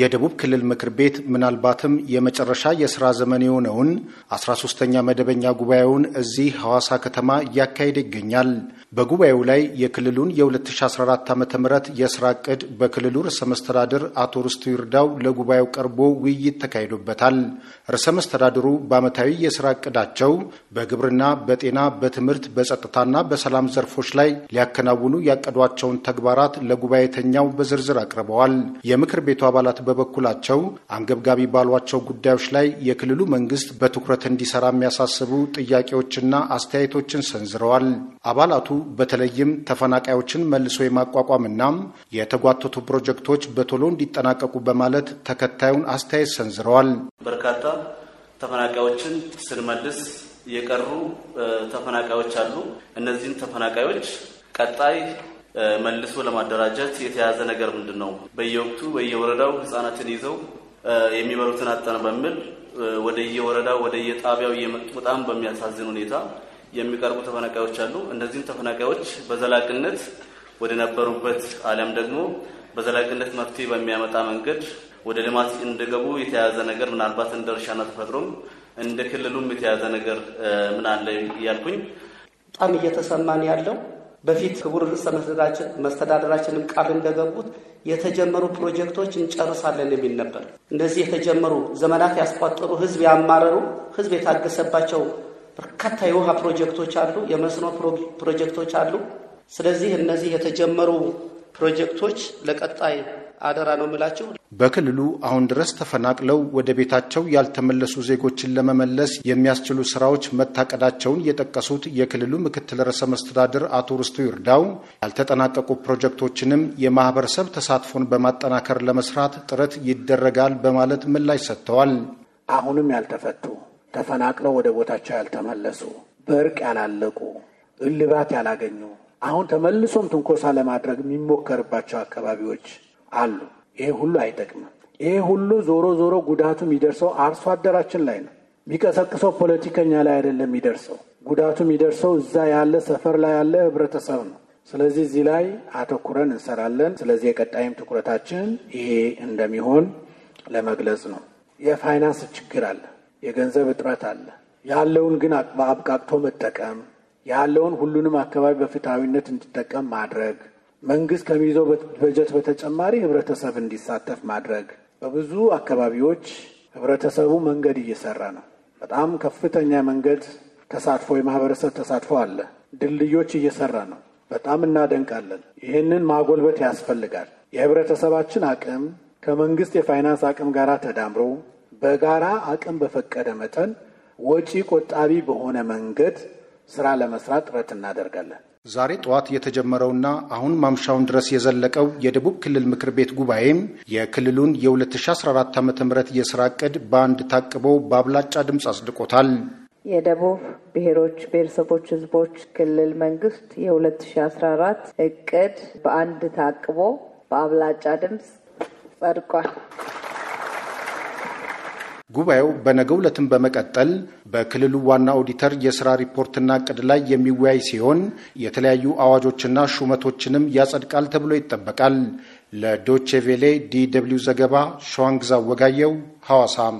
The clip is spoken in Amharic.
የደቡብ ክልል ምክር ቤት ምናልባትም የመጨረሻ የስራ ዘመን የሆነውን 13ተኛ መደበኛ ጉባኤውን እዚህ ሐዋሳ ከተማ እያካሄደ ይገኛል። በጉባኤው ላይ የክልሉን የ2014 ዓ ም የስራ ዕቅድ በክልሉ ርዕሰ መስተዳድር አቶ ርስቱ ይርዳው ለጉባኤው ቀርቦ ውይይት ተካሂዶበታል። ርዕሰ መስተዳድሩ በዓመታዊ የስራ ዕቅዳቸው በግብርና፣ በጤና፣ በትምህርት፣ በጸጥታና በሰላም ዘርፎች ላይ ሊያከናውኑ ያቀዷቸውን ተግባራት ለጉባኤተኛው በዝርዝር አቅርበዋል። የምክር ቤቱ አባላት በበኩላቸው አንገብጋቢ ባሏቸው ጉዳዮች ላይ የክልሉ መንግስት በትኩረት እንዲሰራ የሚያሳስቡ ጥያቄዎችና አስተያየቶችን ሰንዝረዋል። አባላቱ በተለይም ተፈናቃዮችን መልሶ የማቋቋምና የተጓተቱ ፕሮጀክቶች በቶሎ እንዲጠናቀቁ በማለት ተከታዩን አስተያየት ሰንዝረዋል። በርካታ ተፈናቃዮችን ስንመልስ የቀሩ ተፈናቃዮች አሉ። እነዚህም ተፈናቃዮች ቀጣይ መልሶ ለማደራጀት የተያዘ ነገር ምንድን ነው? በየወቅቱ በየወረዳው ህጻናትን ይዘው የሚበሉትን አጣን በሚል ወደየወረዳው ወደየጣቢያው እየመጡ በጣም በሚያሳዝን ሁኔታ የሚቀርቡ ተፈናቃዮች አሉ። እነዚህም ተፈናቃዮች በዘላቂነት ወደ ነበሩበት አሊያም ደግሞ በዘላቂነት መፍትሄ በሚያመጣ መንገድ ወደ ልማት እንደገቡ የተያዘ ነገር ምናልባት እንደ እርሻና ተፈጥሮም እንደ ክልሉም የተያዘ ነገር አለ እያልኩኝ በጣም እየተሰማን ያለው በፊት ክቡር ርዕሰ መስተዳደራችንም ቃል እንደገቡት የተጀመሩ ፕሮጀክቶች እንጨርሳለን የሚል ነበር። እንደዚህ የተጀመሩ ዘመናት ያስቋጠሩ ህዝብ ያማረሩ ህዝብ የታገሰባቸው በርካታ የውሃ ፕሮጀክቶች አሉ፣ የመስኖ ፕሮጀክቶች አሉ። ስለዚህ እነዚህ የተጀመሩ ፕሮጀክቶች ለቀጣይ አደራ ነው የምላችሁ። በክልሉ አሁን ድረስ ተፈናቅለው ወደ ቤታቸው ያልተመለሱ ዜጎችን ለመመለስ የሚያስችሉ ስራዎች መታቀዳቸውን የጠቀሱት የክልሉ ምክትል ርዕሰ መስተዳድር አቶ ርስቱ ይርዳው ያልተጠናቀቁ ፕሮጀክቶችንም የማህበረሰብ ተሳትፎን በማጠናከር ለመስራት ጥረት ይደረጋል በማለት ምላሽ ሰጥተዋል። አሁንም ያልተፈቱ ተፈናቅለው ወደ ቦታቸው ያልተመለሱ በእርቅ ያላለቁ እልባት ያላገኙ አሁን ተመልሶም ትንኮሳ ለማድረግ የሚሞከርባቸው አካባቢዎች አሉ። ይሄ ሁሉ አይጠቅምም። ይሄ ሁሉ ዞሮ ዞሮ ጉዳቱ የሚደርሰው አርሶ አደራችን ላይ ነው። የሚቀሰቅሰው ፖለቲከኛ ላይ አይደለም የሚደርሰው ጉዳቱ የሚደርሰው እዛ ያለ ሰፈር ላይ ያለ ህብረተሰብ ነው። ስለዚህ እዚህ ላይ አተኩረን እንሰራለን። ስለዚህ የቀጣይም ትኩረታችን ይሄ እንደሚሆን ለመግለጽ ነው። የፋይናንስ ችግር አለ፣ የገንዘብ እጥረት አለ። ያለውን ግን አብቃቅቶ መጠቀም ያለውን ሁሉንም አካባቢ በፍትሐዊነት እንዲጠቀም ማድረግ መንግስት ከሚይዘው በጀት በተጨማሪ ህብረተሰብ እንዲሳተፍ ማድረግ። በብዙ አካባቢዎች ህብረተሰቡ መንገድ እየሰራ ነው። በጣም ከፍተኛ መንገድ ተሳትፎ የማህበረሰብ ተሳትፎ አለ። ድልድዮች እየሰራ ነው። በጣም እናደንቃለን። ይህንን ማጎልበት ያስፈልጋል። የህብረተሰባችን አቅም ከመንግስት የፋይናንስ አቅም ጋር ተዳምሮ በጋራ አቅም በፈቀደ መጠን ወጪ ቆጣቢ በሆነ መንገድ ስራ ለመስራት ጥረት እናደርጋለን። ዛሬ ጠዋት የተጀመረውና አሁን ማምሻውን ድረስ የዘለቀው የደቡብ ክልል ምክር ቤት ጉባኤም የክልሉን የ2014 ዓ ም የስራ ዕቅድ በአንድ ታቅቦ በአብላጫ ድምፅ አጽድቆታል። የደቡብ ብሔሮች ብሔረሰቦች ህዝቦች ክልል መንግስት የ2014 ዕቅድ በአንድ ታቅቦ በአብላጫ ድምፅ ጸድቋል። ጉባኤው በነገ ዕለትም በመቀጠል በክልሉ ዋና ኦዲተር የስራ ሪፖርትና እቅድ ላይ የሚወያይ ሲሆን የተለያዩ አዋጆችና ሹመቶችንም ያጸድቃል ተብሎ ይጠበቃል። ለዶቼ ቬሌ ዲ ደብልዩ ዘገባ ሸዋንግዛ ወጋየው ሐዋሳም